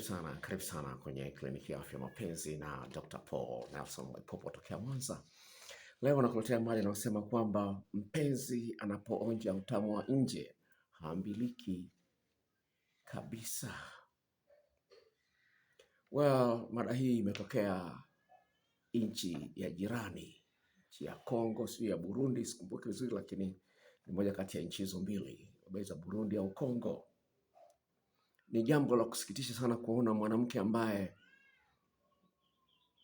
Sana, karibu sana kwenye kliniki ya afya mapenzi na Dr. Paul Nelson Mwaipopo tokea Mwanza. Leo nakuletea mada inayosema kwamba mpenzi anapoonja utamu wa nje haambiliki kabisa. Well, mada hii imetokea nchi ya jirani, nchi ya Kongo, sio ya Burundi, sikumbuki vizuri, lakini ni moja kati ya nchi hizo mbili, za Burundi au Kongo ni jambo la kusikitisha sana kuona mwanamke ambaye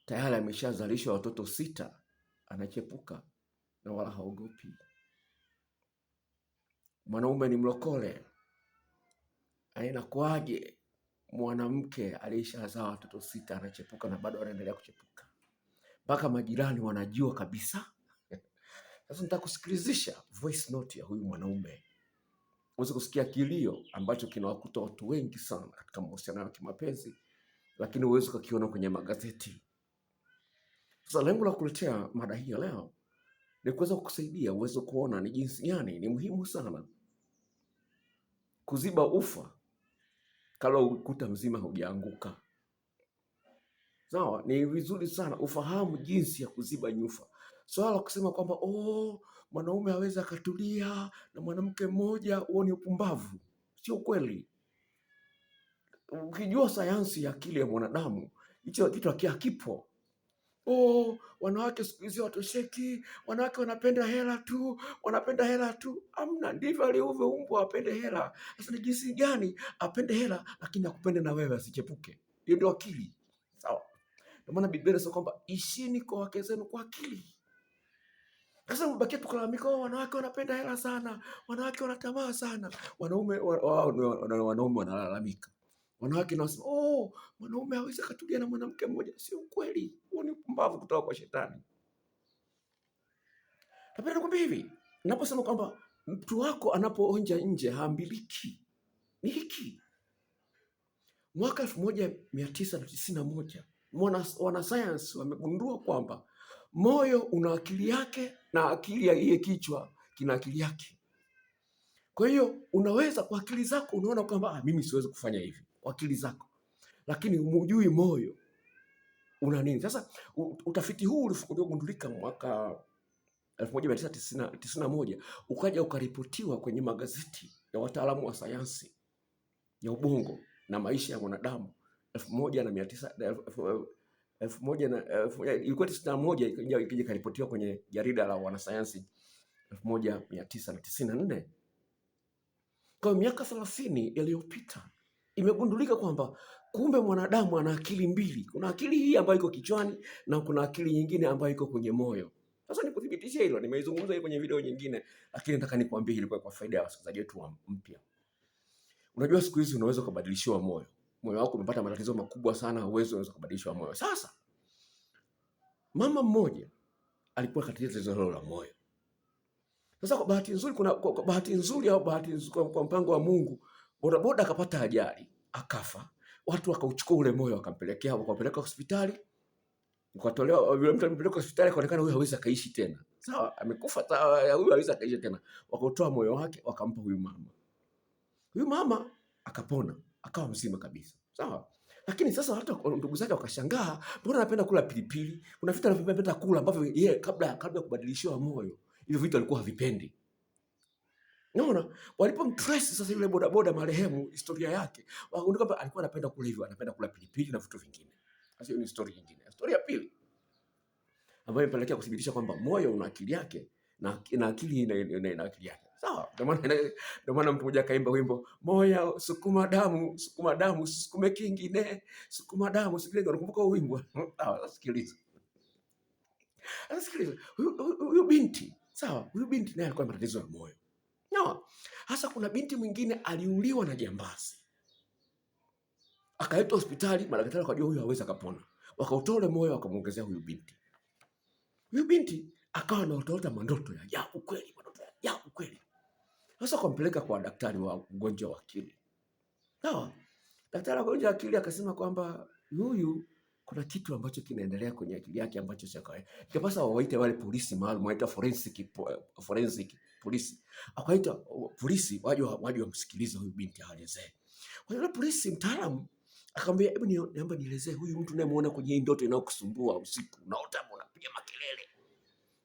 tayari ameshazalisha watoto sita anachepuka na wala haogopi. Mwanaume ni mlokole, inakuwaje mwanamke aliyeshazaa watoto sita anachepuka na bado anaendelea kuchepuka mpaka majirani wanajua kabisa? Sasa nitakusikilizisha voice note ya huyu mwanaume unaweza kusikia kilio ambacho kinawakuta watu wengi sana katika mahusiano ya kimapenzi, lakini uweze kukiona kwenye magazeti. Sasa lengo la kuletea mada hii leo ni kuweza kukusaidia uweze kuona ni jinsi gani ni muhimu sana kuziba ufa kabla ukuta mzima hujaanguka. Sawa, ni vizuri sana ufahamu jinsi ya kuziba nyufa. Swala so, la kusema kwamba oh, mwanaume aweza akatulia na mwanamke mmoja, huo ni upumbavu, sio kweli. Ukijua sayansi ya akili ya mwanadamu, hicho kitu hakipo. Oh, wanawake siku hizi watosheki, wanawake wanapenda hela tu, wanapenda hela tu. Amna, ndivyo alivyoumbwa, apende hela. Sasa ni jinsi gani apende hela, lakini akupende na wewe, asichepuke. Hiyo ndio akili, sawa? Ndio maana Biblia inasema kwamba ishini kwa wake zenu kwa akili. Sasa umebakia tukulalamika, oh, wanawake wanapenda hela sana, wanawake wanatamaa sana. Wanaume wanaume wanalalamika, wanawake na wasema, oh, mwanaume hawezi katulia na mwanamke mmoja. Sio kweli, huo ni upumbavu kutoka kwa shetani. Napenda nikwambia hivi, naposema kwamba mtu wako anapoonja nje haambiliki, ni hiki mwaka elfu moja mia tisa na tisini na moja wanasayansi wamegundua kwamba Moyo una akili yake na akili ya ile kichwa kina akili yake. Kwa hiyo unaweza kwa akili zako unaona kwamba ah, mimi siwezi kufanya hivi kwa akili zako, lakini umjui moyo una nini. Sasa utafiti huu uliogundulika mwaka 1991 ukaja ukaripotiwa kwenye magazeti ya wataalamu wa sayansi ya ubongo na maisha ya mwanadamu elfu moja na mia tisa elfu moja na ilikuwa tisini na moja ikija ikaripotiwa kwenye jarida la wanasayansi elfu moja mia tisa na tisini na nne kwa miaka thelathini iliyopita imegundulika kwamba kumbe mwanadamu ana akili mbili. Kuna akili hii ambayo iko kichwani na kuna akili nyingine ambayo iko kwenye moyo. Sasa nikuthibitishe hilo, nimeizungumza hiyo kwenye video nyingine, lakini nataka nikwambie ilikuwa kwa faida ya wasikilizaji wetu mpya. Unajua siku hizi unaweza kubadilishiwa moyo moyo wako umepata matatizo makubwa sana, uwezo unaweza kubadilishwa moyo. Sasa mama mmoja alikuwa katika tatizo la moyo. Sasa kwa bahati nzuri, kuna kwa kwa bahati nzuri au bahati nzuri, kwa kwa mpango wa Mungu, bodaboda akapata ajali akafa. Watu wakauchukua ule moyo wakampelekea wakapeleka hospitali ukatolewa yule mtu alipelekwa hospitali, kaonekana huyu hawezi kaishi tena. Sawa, amekufa sawa, huyu hawezi kaishi tena. Wakatoa moyo wake wakampa huyu mama, huyu mama akapona akawa mzima kabisa, sawa. Lakini sasa hata ndugu zake wakashangaa, mbona anapenda kula pilipili? Kuna vitu anavyopenda kula ambavyo yeye kabla kabla ya kubadilishiwa moyo, hivyo vitu alikuwa havipendi. Unaona, walipomtrace sasa yule boda boda marehemu, historia yake kwamba alikuwa anapenda kula hivyo, anapenda kula pilipili na vitu vingine. Sasa hiyo ni story nyingine, story ya pili ambayo imepelekea kuthibitisha kwamba moyo una akili yake na akili ina ina akili yake sawa. Ndio maana mtu mmoja akaimba wimbo moya, sukuma damu, sukuma damu, sukume kingine, sukuma damu, sikile. Unakumbuka wimbo? Hmm, sawa, sikiliza, sikiliza. Huyu binti sawa, huyu binti naye alikuwa na matatizo ya moyo no. Hasa kuna binti mwingine aliuliwa na jambazi, akaletwa hospitali, madaktari wakajua huyu hawezi akapona, wakautoa ule moyo wakamwongezea huyu binti. Huyu binti akawa anaotaota mandoto ya ajabu kweli, mandoto ya ajabu kweli. Sasa kumpeleka kwa daktari wa ugonjwa wa akili. Sawa? Daktari wa ugonjwa wa akili akasema kwamba huyu kuna kitu ambacho kinaendelea kwenye akili yake ambacho cha kawaida. Ikapasa waite wale polisi maalum, waite forensic forensic polisi. Akaita polisi waje waje wamsikilize huyu binti aelezee. Kwa hiyo polisi mtaalamu akamwambia, hebu niambie nielezee huyu mtu unayemuona kwenye ndoto inayokusumbua usiku unaota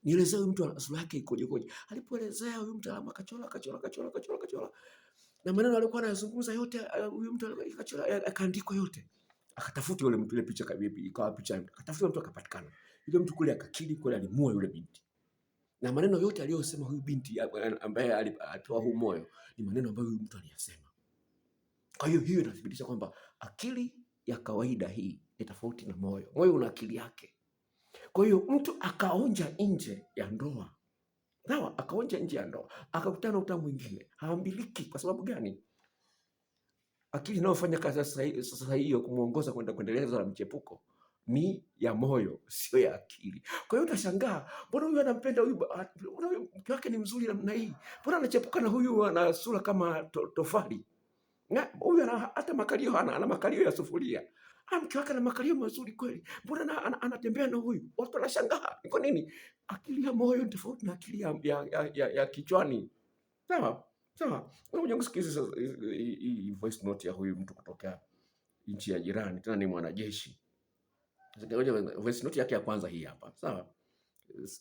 nielezee huyu mtu sura yake ikoje koje. Alipoelezea huyu mtaalamu akachora akachora akachora akachora akachora, na maneno alikuwa anazungumza yote, eh, huyu mtu akachora eh, akaandikwa yote, akatafuta yule mtu, ile picha kabibi ikawa picha, akatafuta mtu akapatikana, yule mtu kule akakiri kule, alimua yule binti na maneno yote aliyosema huyu binti ambaye alipewa huu moyo ni maneno ambayo huyu mtu aliyasema. Kwa hiyo hiyo inathibitisha kwamba akili ya kawaida hii ni tofauti na moyo. Moyo una akili yake, kwa hiyo mtu akaonja nje ya ndoa, sawa, akaonja nje ya ndoa, akakutana uta mwingine, haambiliki. Kwa sababu gani? Akili inayofanya kazi sasa hiyo kumuongoza kwenda kuendeleza na mchepuko ni ya moyo, sio ya akili. Kwa hiyo utashangaa, mbona huyu anampenda huyu, mbona mke wake ni mzuri namna hii, mbona anachepuka na huyu ana sura kama tofali, huyu hata makalio hana, ana makalio ya sufuria mke wake ana makalio mazuri kweli, mbona anatembea na huyu? Watu wanashangaa iko nini? Akili ya moyo ni tofauti na akili ya, ya, ya, ya ya kichwani. Sawa sawa, unakuja kusikiza hii voice note ya huyu mtu kutoka nchi ya jirani, tena ni mwanajeshi. Voice note yake ya kwanza hii hapa, sawa.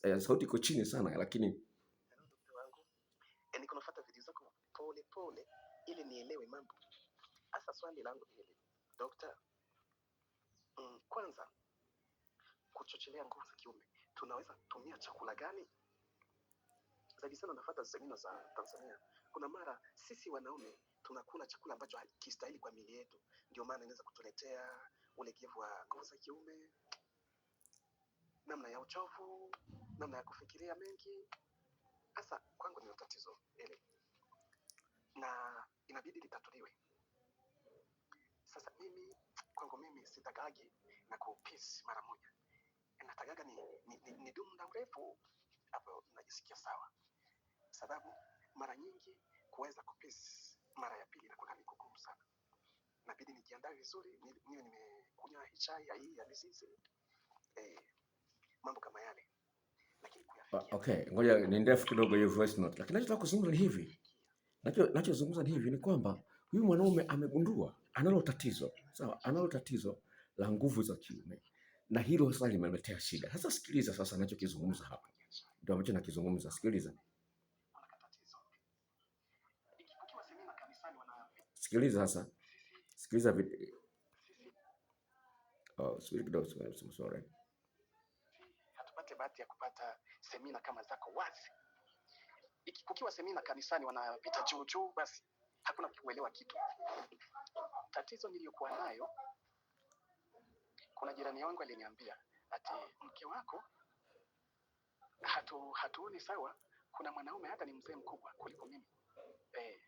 Eh, sauti iko chini sana, lakini eh, pole pole, ili nielewe mambo hasa. Swali langu hili daktari Mm, kwanza kuchochelea nguvu za kiume tunaweza tumia chakula gani? Zaidi sana nafata zamino za Tanzania, kuna mara sisi wanaume tunakula chakula ambacho hakistahili kwa mili yetu, ndio maana inaweza kutuletea ulegevu wa nguvu za kiume, namna ya uchovu, namna ya kufikiria mengi. Hasa kwangu ni tatizo ile, na inabidi litatuliwe. Sasa mimi kwangu mimi sitagaagi na kuupisi mara moja, natagaga ni, ni, ni, ni dumu muda mrefu, hapo najisikia sawa, sababu mara nyingi kuweza kupisi mara ya pili inakuwa ni kugumu sana. Nabidi nijiandae vizuri, niwe nimekunywa chai ya hii ya mizizi eh, mambo kama yale. okay, ngoja ni ndefu kidogo hiyo voice note, lakini nachotaka kuzungumza ni hivi, nachozungumza ni hivi ni kwamba huyu mwanaume amegundua analo tatizo sawa, analo tatizo la nguvu za kiume, na hilo sasa limemletea shida. Sasa sikiliza sasa anachokizungumza hapa, ndio ambacho nakizungumza. Sikiliza, sikiliza sasa, sikiliza oh, sorry hatupate bahati ya kupata semina kama zako wazi. Ikikukiwa semina kanisani wanapita juu juu, basi hakuna kuelewa kitu. Tatizo niliyokuwa nayo, kuna jirani wangu aliniambia ati mke wako hatu hatuoni sawa, kuna mwanaume hata ni mzee mkubwa kuliko mimi eh,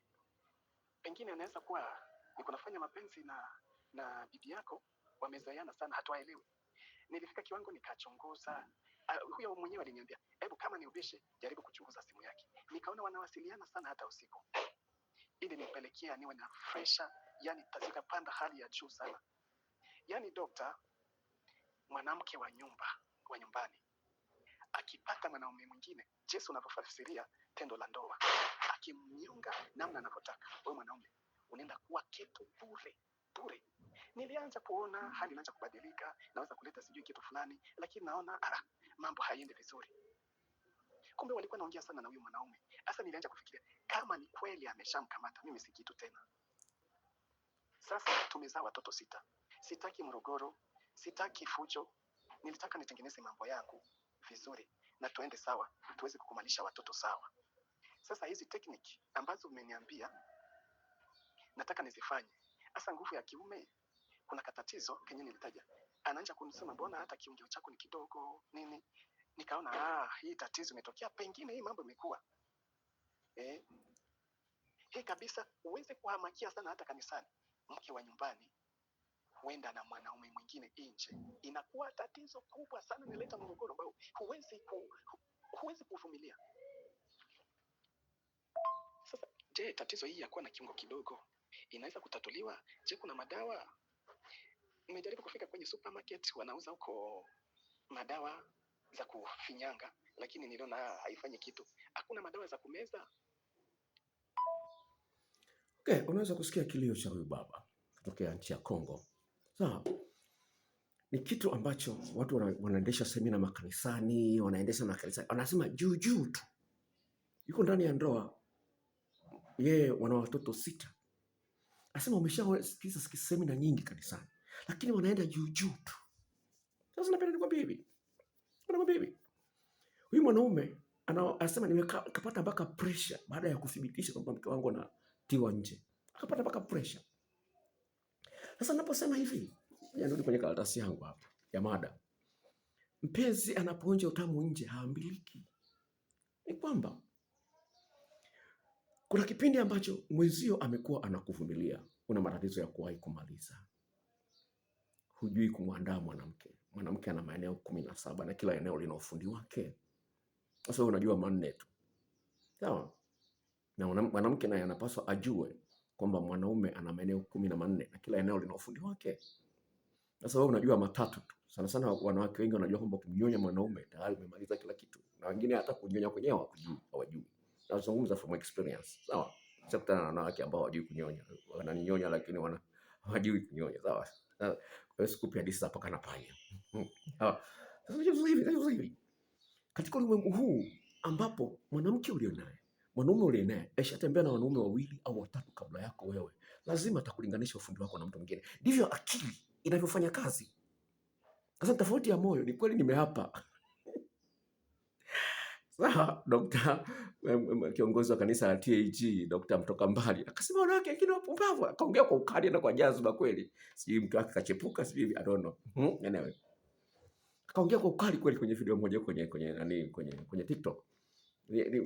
pengine anaweza kuwa ni kunafanya mapenzi na na bibi yako, wamezaiana sana, hatuaelewi. Nilifika kiwango nikachunguza. Uh, huyo mwenyewe aliniambia hebu, kama ni ubishi, jaribu kuchunguza simu yake. Nikaona wanawasiliana sana hata usiku ili nipelekea niwe na fresha, yani zikapanda hali ya juu sana. Yani dokta, mwanamke wa nyumba wa nyumbani akipata mwanaume mwingine, Yesu unavyofasiria tendo la ndoa, akimnyonga namna anavyotaka, wewe mwanaume unaenda kuwa kitu bure bure. Nilianza kuona hali inaanza kubadilika, naweza kuleta sijui kitu fulani, lakini naona ala, mambo haendi vizuri. Kumbe walikuwa naongea sana na huyu mwanaume. Sasa nilianza kufikiria kama ni kweli ameshamkamata, mimi si kitu tena. Sasa tumezaa watoto sita. Sitaki mrogoro, sitaki fujo. Nilitaka nitengeneze mambo yangu vizuri na tuende sawa, tuweze kukumalisha watoto sawa. Sasa hizi tekniki ambazo umeniambia nataka nizifanye, hasa nguvu ya kiume, kuna katatizo kenye nilitaja. Anaanza kunisema mbona hata kiungio chako ni kidogo nini nikaona ah, hii tatizo imetokea, pengine hii mambo imekuwa eh, hii kabisa. Uweze kuhamakia sana hata kanisani, mke wa nyumbani huenda na mwanaume mwingine nje, inakuwa tatizo kubwa sana, inaleta mgogoro ambao huwezi ku, huwezi kuvumilia. Sasa je, tatizo hii ya kuwa na kiungo kidogo inaweza kutatuliwa? Je, kuna madawa? Nimejaribu kufika kwenye supermarket, wanauza huko madawa za kufinyanga, lakini niliona haifanyi kitu. Hakuna madawa za kumeza. Okay, unaweza kusikia kilio cha huyu baba kutokea nchi ya Kongo. Sawa. Ni kitu ambacho watu wanaendesha semina makanisani, wanaendesha makanisa, wanasema juu juu tu. Yuko ndani ya ndoa, yeye wana watoto sita. Anasema umeshasikiza semina nyingi kanisani, lakini wanaenda juu juu tu. Sasa napenda nikwambie hivi, Bwana mabibi, huyu mwanaume anasema nimekapata mpaka pressure baada ya kuthibitisha kwamba mke wangu anatiwa nje, akapata mpaka pressure. Sasa naposema hivi, nirudi kwenye karatasi yangu hapa ya mada, mpenzi anapoonja utamu nje haambiliki. Ni kwamba kuna kipindi ambacho mwenzio amekuwa anakuvumilia, una matatizo ya kuwahi kumaliza, hujui kumwandaa mwanamke mwanamke ana maeneo kumi na saba na kila eneo lina ufundi wake. Sasa wewe unajua manne tu, sawa? Na mwanamke naye anapaswa ajue kwamba mwanaume ana maeneo kumi na manne na kila eneo lina ufundi wake. Sasa wewe unajua matatu tu. Sana sana wanawake wengi wanajua kwamba kumnyonya mwanaume tayari umemaliza kila kitu, na wengine hata kunyonya kwenyewe hawajui. Nazungumza from experience, sawa? Sasa kutana na wanawake ambao hawajui kunyonya, wananyonya lakini wana hawajui kunyonya, sawa? Eh, sikupi hadithi za paka na panya. Hmm. Katika ulimwengu huu ambapo mwanamke ulionaye mwanaume ulionaye ashatembea na wanaume wawili au watatu kabla yako wewe, lazima atakulinganisha ufundi wako na mtu mwingine. Ndivyo akili inavyofanya kazi. Sasa tofauti ya moyo ni kweli, nimehapa Sawa, dokta kiongozi wa kanisa la TAG Dokta mtoka mbali akasema wanawake lakini wapumbavu, akaongea kwa ukali na kwa jazba kweli, sijui mtu wake kachepuka, sijui I don't know hmm? Anyway, akaongea kwa ukali kweli kwenye video moja kwenye kwenye nani kwenye kwenye TikTok,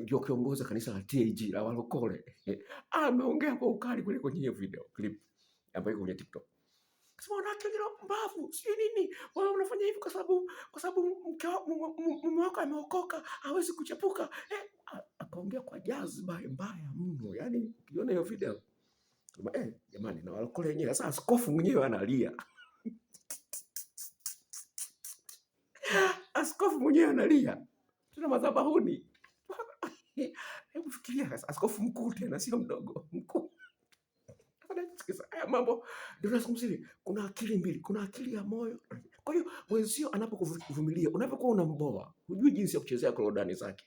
ndio kiongozi wa kanisa la TAG la walokole eh, ameongea kwa ukali kweli kwenye hiyo video clip ambayo iko kwenye TikTok. Kasema wanawake wengine mbavu, sijui nini? Wao unafanya hivi kwa sababu kwa sababu mume wako ameokoka, hawezi kuchepuka. Eh, akaongea kwa jazba mbaya mno. yani ukiona hiyo video kama eh, jamani na walokole wenyewe sasa askofu mwenyewe analia. Askofu mwenyewe analia. Tuna madhabahuni. Hebu fikiria askofu mkuu tena sio mdogo, mkuu. Sikiza haya mambo, ndio nazungumzia Kuna akili mbili, kuna akili ya moyo. Kwa hiyo mwenzio anapokuvumilia, unapokuwa unamboa, hujui jinsi ya kuchezea korodani zake.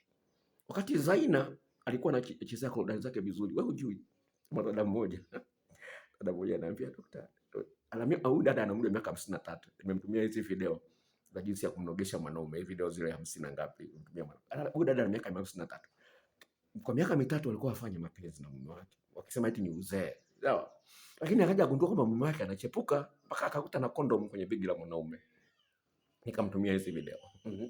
Wakati Zaina alikuwa anachezea korodani zake vizuri, wewe hujui. Mwanadamu mmoja, dada mmoja anaambia daktari, alamia au dada ana umri miaka hamsini na tatu, nimemtumia hizi video za jinsi ya kumnogesha mwanaume, video zile hamsini na ngapi, Huyu dada ana miaka hamsini na tatu. Kwa miaka mitatu alikuwa afanye mapenzi na mume wake, wakisema eti ni uzee sawa. Lakini akaja agundua kwamba mume wake anachepuka mpaka akakuta na kondomu kwenye begi la mwanaume. Nikamtumia hizi video. Mhm.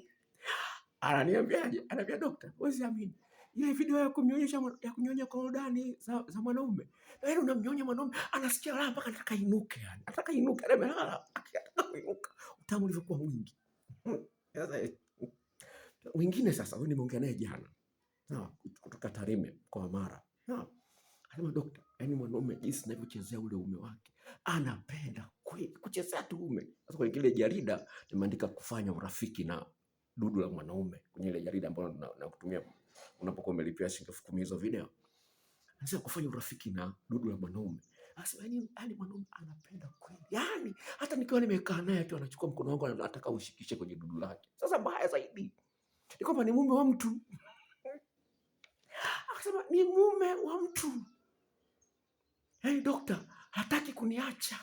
Ananiambiaje? Anaambia dokta, huwezi amini. Ile video ya kumnyonyesha ya kunyonya kwa udani za, za mwanaume. Na yeye unamnyonya mwanaume, anasikia raha mpaka anataka inuke yani. Anataka inuke, amelala. Anataka kuinuka. Utamu ulivyokuwa mwingi. Hmm. Sasa wengine sasa, huyu nimeongea naye jana. Sawa, kutoka Tarime kwa Mara. Sawa anasema dokta, yani mwanaume jinsi anavyochezea ule ume wake, anapenda kweli kuchezea tu ume. Sasa kwenye kile jarida nimeandika kufanya urafiki na dudu la mwanaume, kwenye ile jarida ambalo nakutumia unapokuwa umelipia shilingi elfu kumi hizo video, anasema kufanya urafiki na dudu la mwanaume yani yaani mwanaume anapenda kweli, yani hata nikiwa nimekaa naye tu anachukua mkono wangu anataka ushikishe kwenye dudu lake. Sasa mbaya zaidi ni kwamba ni mume wa mtu akasema ni mume wa mtu hey, dokta hataki kuniacha,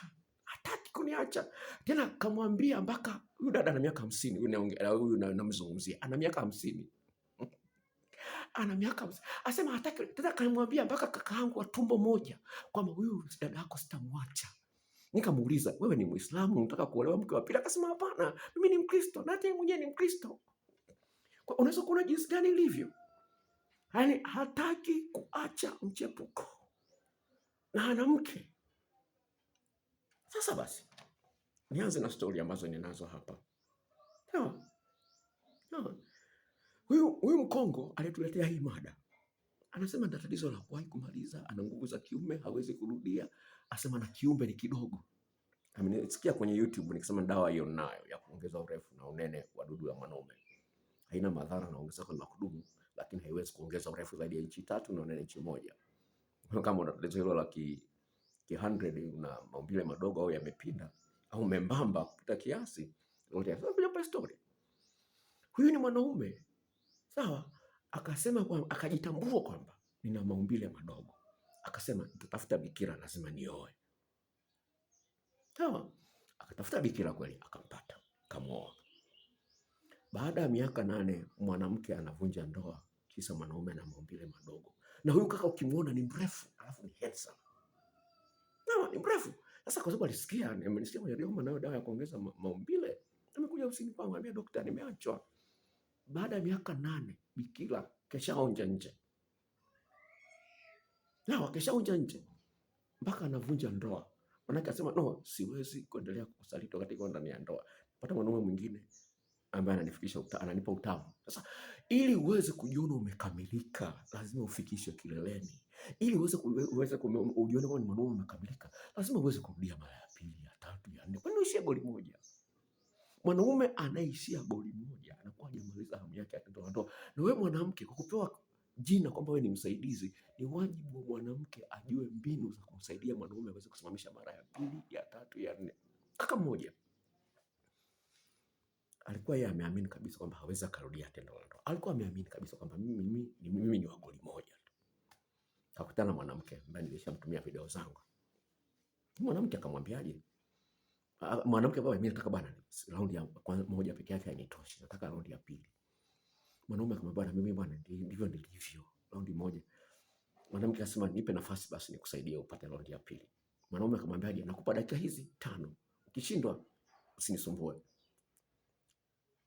hataki kuniacha tena. Kamwambia mpaka huyu dada ana miaka hamsini, huyu namzungumzia ana miaka hamsini ana miaka asema hataki tena. Kamwambia mpaka kaka yangu wa tumbo moja kwamba huyu dada yako sitamwacha. Nikamuuliza, wewe ni Muislamu unataka kuolewa mke wa pili? Akasema hapana, mimi ni Mkristo na hata mwenyewe ni Mkristo. Unaweza kuona jinsi gani ilivyo, yaani hataki kuacha mchepuko na ana mke. Sasa basi nianze na stori ambazo ninazo hapa. Huyu huyu Mkongo aliyetuletea hii mada anasema ana tatizo la kuwahi kumaliza, ana nguvu za kiume, hawezi kurudia, asema na kiume ni kidogo. Nimesikia kwenye YouTube nikisema dawa hiyo nayo ya kuongeza urefu na unene wa dudu la mwanaume haina madhara na ongezeko la kudumu, lakini haiwezi kuongeza urefu zaidi ya inchi tatu na unene inchi moja kama una tatizo hilo la ki, ki 100 una maumbile madogo au yamepinda au membamba kupita kiasi, story. huyu ni mwanaume sawa. Akasema kwa, akajitambua kwamba nina maumbile madogo, akasema nitatafuta bikira, lazima nioe. Sawa, akatafuta bikira kweli, akampata, kamuoa. Baada ya miaka nane mwanamke anavunja ndoa, kisa mwanaume na maumbile madogo na huyu kaka ukimwona ni mrefu alafu ni handsome. No, ni mrefu. Sasa kwa sababu alisikia nimesikia kwenye Roma nayo dawa ya kuongeza maumbile. Amekuja usini kwangu anambia daktari nimeachwa. Baada ya miaka nane bikila keshaonja nje. Na wakeshaonja nje mpaka anavunja ndoa. Manake asema no, siwezi kuendelea kusaliti wakati ndani ya ndoa. Pata mwanaume mwingine ambaye ananifikisha uta, ananipa utamu. Sasa ili uweze kujiona umekamilika, lazima ufikishwe kileleni. Ili uweze uweze kujiona kama ni mwanaume umekamilika, lazima uweze kurudia mara ya pili, ya tatu, ya nne. Kwani uishie goli moja? Mwanaume anaishia goli moja anakuwa hajamaliza hamu yake ya ndoa. Na wewe mwanamke, kwa kupewa jina kwamba wewe ni msaidizi, ni wajibu wa mwanamke ajue mbinu za kumsaidia mwanaume aweze kusimamisha mara ya pili, ya tatu, ya nne. Kaka mmoja alikuwa yeye ameamini kabisa kwamba hawezi akarudia tendo la ndoa. Alikuwa ameamini kabisa kwamba mimi, mimi ni wa goli moja Akakutana na mwanamke ambaye nilishamtumia video zangu. Mwanamke akamwambiaje? Mwanamke baba, mimi nataka bwana, raundi ya kwanza moja peke yake hainitoshi, nataka raundi ya pili. Mwanaume akamwambia bwana, mimi bwana, ndivyo ndilivyo, raundi moja. Mwanamke akasema nipe nafasi basi nikusaidie upate raundi ya pili. Mwanaume akamwambiaje? nakupa dakika hizi tano, ukishindwa usinisumbue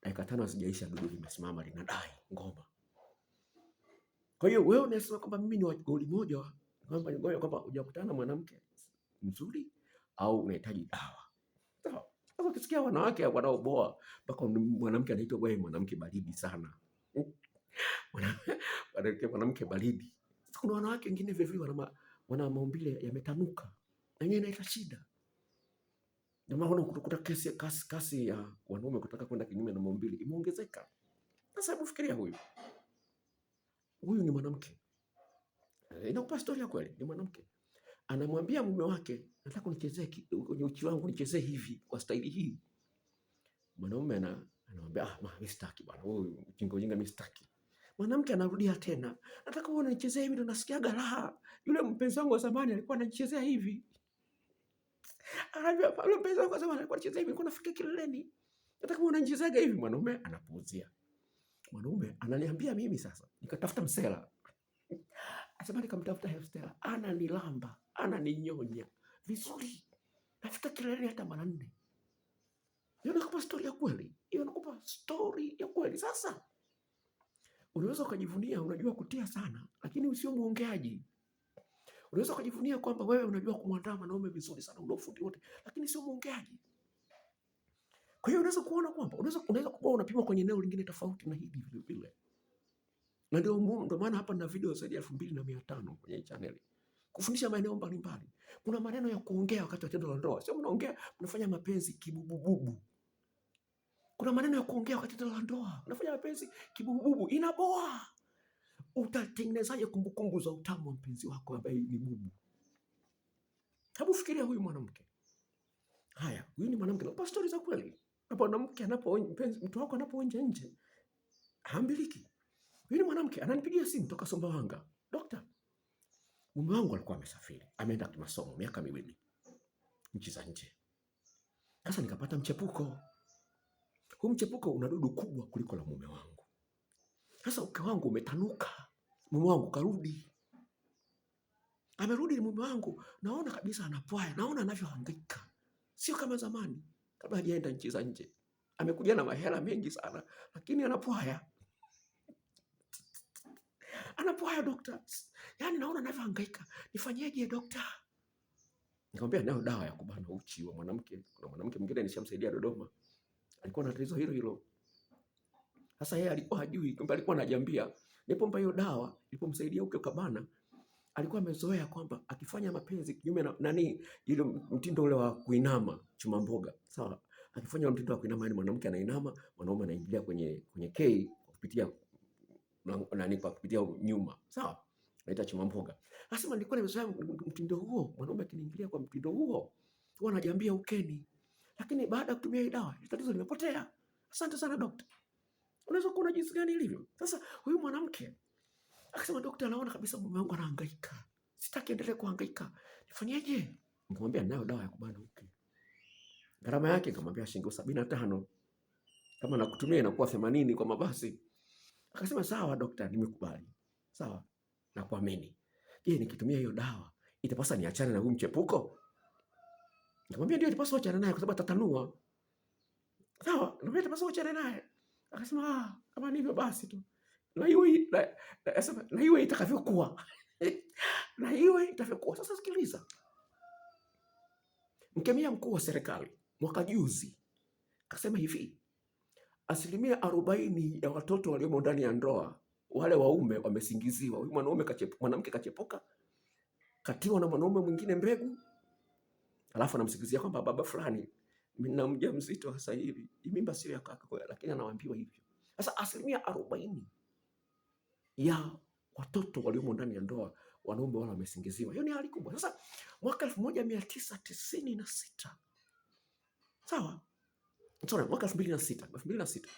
dakika tano hazijaisha dudu limesimama linadai ngoma. Kwa hiyo wewe unasema kwamba mimi ni goli moja, kwamba ni goli, kwamba hujakutana mwanamke mzuri au unahitaji dawa. Sawa. Sasa ukisikia wanawake wanaoboa mpaka mwanamke anaitwa wewe mwanamke baridi sana. Mwanamke mwanamke baridi. Kuna wanawake wengine vile vile wana maumbile yametanuka. Na yeye inaita shida. Ndio maana unakuta kesi kasi, kasi ya wanaume kutaka kwenda kinyume na maumbile imeongezeka. Sasa hebu fikiria huyu huyu ni mwanamke eh, inakupa historia kweli, ni mwanamke anamwambia mume wake, nataka unichezee kwenye uchi wangu, nichezee hivi kwa staili hii. Mwanaume ana anamwambia ah, mimi sitaki bwana, wewe ujinga ujinga, mimi sitaki. Mwanamke anarudia tena, nataka uone nichezee hivi, ndo nasikia raha, yule mpenzi wangu wa zamani alikuwa ananichezea hivi. Anajua Pablo mpenzi wako sema anacheza hivi, kileleni. Hata kama hivi, mwanaume anapuuzia. Mwanaume ananiambia mimi sasa, nikatafuta msela. Asema nikamtafuta Hefstela, ananilamba, ananinyonya vizuri. Nafika kileleni hata mara nne. Hiyo nakupa stori ya kweli. Hiyo nakupa stori ya kweli. Sasa unaweza ukajivunia, unajua kutia sana, lakini usio mwongeaji. Unaweza kujivunia kwamba wewe unajua kumwandaa mwanaume vizuri sana, una ufundi wote, lakini sio mwongeaji. Kwa hiyo unaweza kuona kwamba unaweza unaweza kuwa unapima kwenye eneo lingine tofauti na hili vile vile. Na ndio ndio maana hapa na video zaidi ya 2500 kwenye channel. Kufundisha maeneo mbalimbali. Kuna maneno ya kuongea wakati wa tendo la ndoa. Sio mnaongea, mnafanya mapenzi kibubububu. Kuna maneno ya kuongea wakati wa tendo la ndoa. unafanya mapenzi kibubububu. Inaboa utatengenezaje kumbukumbu za utamu wa mpenzi wako ambaye ni bubu? Hebu fikiria huyu mwanamke. Haya, huyu ni mwanamke, nakupa stori za kweli hapa. Mwanamke mtu wako anapoonja nje hambiliki. Huyu ni mwanamke ananipigia simu toka Sumbawanga, dokta, mume wangu alikuwa amesafiri, ameenda kimasomo miaka miwili nchi za nje. Sasa nikapata mchepuko. Huu mchepuko una dudu kubwa kuliko la mume wangu. Sasa uke wangu umetanuka, mume wangu karudi, amerudi mume wangu, naona kabisa anapwaya, naona anavyohangaika, sio kama zamani kabla hajaenda nchi za nje. Amekuja na mahela mengi sana, lakini anapwaya anapwaya dokta, yani naona anavyohangaika, nifanyeje dokta? Nikamwambia nayo dawa ya kubana uchi wa mwanamke. Kuna mwanamke mwingine nishamsaidia Dodoma, alikuwa na tatizo hilo hilo. Sasa yeye alikuwa hajui, kumbe alikuwa anajiambia Ndipo mpa hiyo dawa ilipomsaidia huko kabana, alikuwa amezoea kwamba akifanya mapenzi kinyume na nani, ile mtindo ule wa kuinama chuma mboga, sawa. Akifanya mtindo wa kuinama, yani mwanamke anainama, mwanaume anaingilia kwenye kwenye K kupitia nani, kwa kupitia nyuma, sawa, naita chuma mboga. Anasema nilikuwa nimezoea mtindo huo, mwanaume akiniingilia kwa mtindo huo huwa anajiambia ukeni, lakini baada ya kutumia hii dawa tatizo limepotea. Asante sana daktari. Unaweza kuona jinsi gani ilivyo. Sasa huyu mwanamke akasema, daktari, naona kabisa mume wangu anahangaika, sitaki endelee kuhangaika, nifanyeje? Nikamwambia nayo dawa ya kubana uke, gharama yake nikamwambia shilingi sabini na tano kama nakutumia inakuwa themanini kwa mabasi. Akasema sawa daktari, nimekubali. Sawa, nakuamini. Je, nikitumia hiyo dawa itapasa niachane na huyu mchepuko? Nikamwambia ndio, itapasa uachane naye kwa sababu atatanua. Sawa, nikamwambia itapasa uachane naye. Akasema ah, kama ni hivyo basi tu na iwe na, na, na iwe itakavyokuwa na iwe itakavyokuwa. Sasa sikiliza, mkemia mkuu wa serikali mwaka juzi akasema hivi, asilimia arobaini ya watoto waliomo ndani ya ndoa wale waume wamesingiziwa. Huyu mwanaume mwanamke kachepuka, katiwa na mwanaume mwingine mbegu, alafu anamsingizia kwamba baba fulani na mjamzito sasa hivi mimba sio ya kaka, lakini anawaambiwa hivyo. Sasa asilimia arobaini ya watoto waliomo ndani ya ndoa wanaume wala wamesingiziwa. Hiyo ni hali kubwa. Sasa mwaka elfu moja mia tisa tisini na sita sawa, sorry, mwaka elfu mbili na sita elfu mbili na sita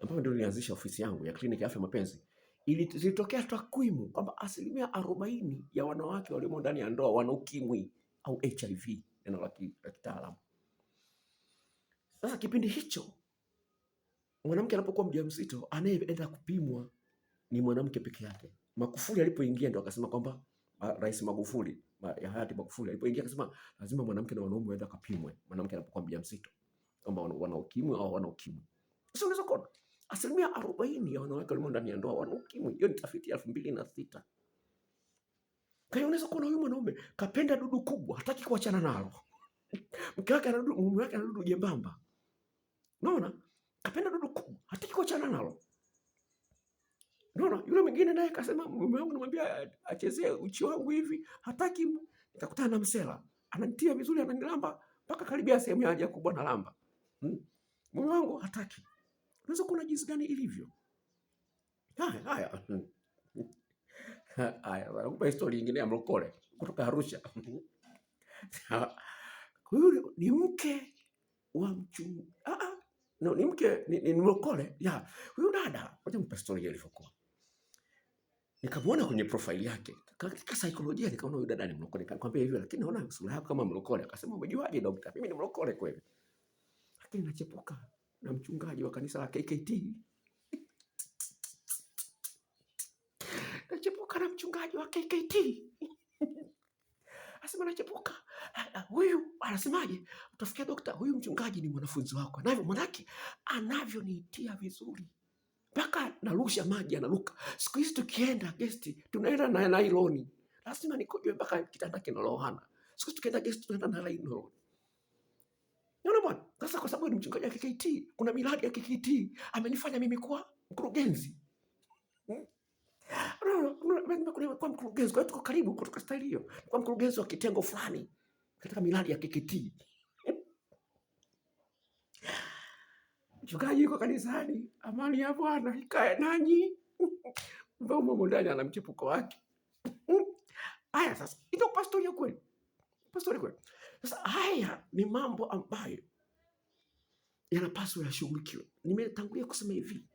ambapo ndio nilianzisha ofisi yangu ya kliniki ya afya mapenzi, ili zilitokea takwimu kwamba asilimia arobaini ya wanawake waliomo ndani ya ndoa wana ukimwi au HIV neno la kitaalamu. Sasa kipindi hicho mwanamke anapokuwa mjamzito, anayeenda kupimwa ni mwanamke peke yake. Magufuli alipoingia ndo akasema kwamba ah, Rais Magufuli ya hayati Magufuli alipoingia akasema lazima mwanamke na wanaume waende kapimwe, mwanamke anapokuwa mjamzito kwamba wana ukimwi au wana ukimwi. Sasa unaweza kuona asilimia arobaini ya wanawake walimo ndani ya ndoa wana ukimwi. Hiyo ni tafiti ya elfu mbili na sita. Kwa hiyo unaweza kuona huyu mwanaume kapenda dudu kubwa, hataki kuachana nalo. Mke wake ana dudu, mume wake ana dudu jembamba. Unaona? Kapenda dudu kuu, hataki kuachana nalo. Unaona? Yule mwingine naye akasema mume wangu namwambia achezee uchi wangu hivi, hataki. Nikakutana na msela. Ananitia vizuri, ananilamba mpaka karibia sehemu ya haja kubwa na lamba. Hmm? Mume Hmm? wangu hataki. Unaweza kuona jinsi gani ilivyo. Haya, haya. Haya, kupa story nyingine ya mlokole kutoka Arusha. Huyu ni mke wa mchungaji. Ah, ah no, ni mke ni, ni mlokole ya huyu dada. Ngoja mpe story ilivyokuwa. Nikamwona kwenye profile yake katika saikolojia, nikaona huyu dada ni mlokole. Nikamwambia hivyo, lakini naona sura yako kama mlokole. Akasema umejuaje dokta, mimi ni mlokole kweli? Lakini nachepuka na mchungaji wa kanisa la KKT nachepuka na mchungaji wa KKT asema nachepuka huyu anasemaje? Utasikia dokta, huyu mchungaji ni mwanafunzi wako, navyo mwanake anavyoniitia vizuri mpaka narusha maji anaruka. Siku hizi tukienda gesti tunaenda na nailoni, lazima nikojwe mpaka kitanda kinalohana. Siku hizi tukienda gesti tunaenda na nailoni. Unaona bwana, sasa kwa sababu ni mchungaji wa KKKT, kuna miradi ya KKKT amenifanya mimi kuwa mkurugenzi hmm? kwa mkurugenzi, kwa hiyo tuko karibu kutoka staili hiyo, kwa mkurugenzi wa kitengo fulani katika miradi ya KKKT. Eh? Mchungaji yuko kanisani, amani ya Bwana ikae nanyi. Mbe umo ndani ana mchepuko wake. Haya sasa, ito pastori kweli. Pastori kweli. Sasa haya ni mambo ambayo yanapaswa yashughulikiwe. Nimetangulia kusema hivi,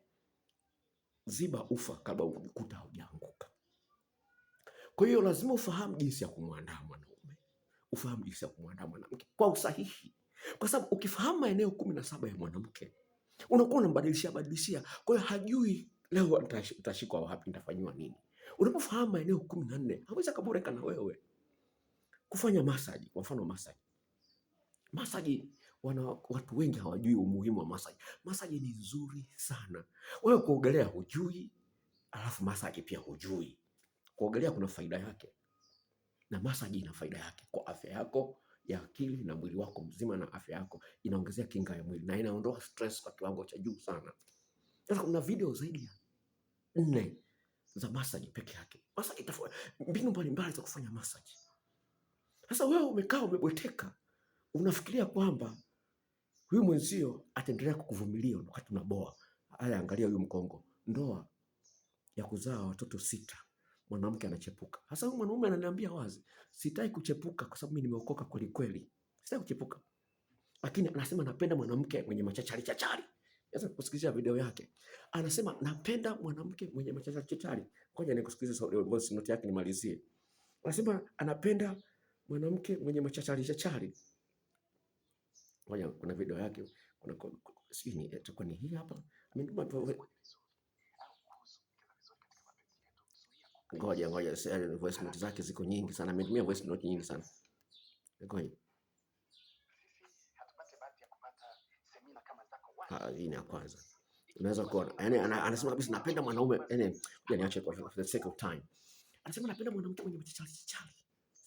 ziba ufa kabla ukuta haujaanguka. Kwa hiyo lazima ufahamu jinsi ya kumwandaa mwana ufahamu jinsi ya kumwandaa mwanamke kwa usahihi, kwa sababu ukifahamu maeneo kumi na saba ya mwanamke unakuwa unambadilishia badilishia, kwa hiyo hajui leo nitashikwa wapi, nitafanyiwa nini. Unapofahamu maeneo kumi na nne hawezi akaboreka na wewe kufanya masaji. Kwa mfano masaji, masaji wana watu wengi hawajui umuhimu wa masaji. Masaji ni nzuri sana. Wewe kuogelea hujui, alafu masaji pia hujui. Kuogelea kuna faida yake, na masaji ina faida yake kwa afya yako ya akili na mwili wako mzima na afya yako. Inaongezea kinga ya mwili na inaondoa stress kwa kiwango cha juu sana. Sasa kuna video zaidi ya nne za masaji peke yake, masaji tofauti, mbinu mbalimbali za kufanya masaji. Sasa wewe umekaa umebweteka, unafikiria kwamba huyu mwenzio ataendelea kukuvumilia wakati unaboa. Aya, angalia huyu mkongo, ndoa ya kuzaa watoto sita mwanamke anachepuka. Hasa huyu mwanaume ananiambia wazi, sitaki kuchepuka kwa sababu mimi nimeokoka kweli kweli. Sitaki kuchepuka. Lakini anasema napenda mwanamke mwenye machachari chachari. Sasa kusikiliza video yake. Anasema napenda mwanamke mwenye machachari chachari. Ngoja nikusikilize voice note yake nimalizie. Anasema anapenda mwanamke mwenye machachari chachari. Ngoja kuna video yake kuna, kuna, kuna, hii hapa. Amenituma Ngoja ngoja, voice note zake ziko nyingi sana, ametumia voice note nyingi sana. Ngoja. Hii ni ya kwanza, unaweza kuona, Yaani anasema kabisa, napenda mwanaume, yaani yani niache kwa for the sake of time, anasema napenda mwanamke mwenye mchichali chichali.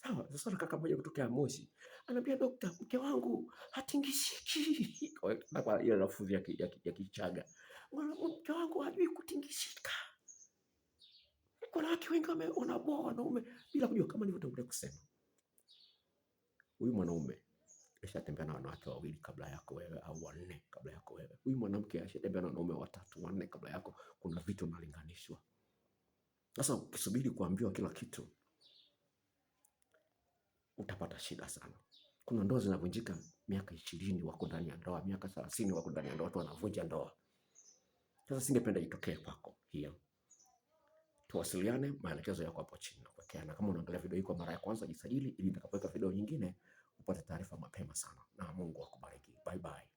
Sawa, sasa na kaka mmoja kutoka Moshi anambia dokta, mke wangu hatingishiki. Kwa hiyo ile lafudhi ya Kichaga, mke wangu hajui kutingishika kuna Wanawake wengi wanaoa wanaume bila kujua, kama nilivyotangulia kusema, huyu mwanaume ashatembea na wanawake wawili kabla yako wewe, au wanne kabla yako wewe. Huyu mwanamke ashatembea na wanaume watatu wanne kabla yako. Kuna vitu vinalinganishwa. Sasa ukisubiri kuambiwa kila kitu, utapata shida sana. Kuna ndoa zinavunjika, miaka ishirini wako ndani ya ndoa, miaka thelathini wako ndani ya ndoa, watu wanavunja ndoa. Sasa singependa itokee kwako hiyo tuwasiliane, maelekezo yako hapo chini nakuwekea. Na kama unaangalia video hii kwa mara ya kwanza, jisajili ili nitakapoweka video nyingine upate taarifa mapema sana, na Mungu akubariki. Bye bye.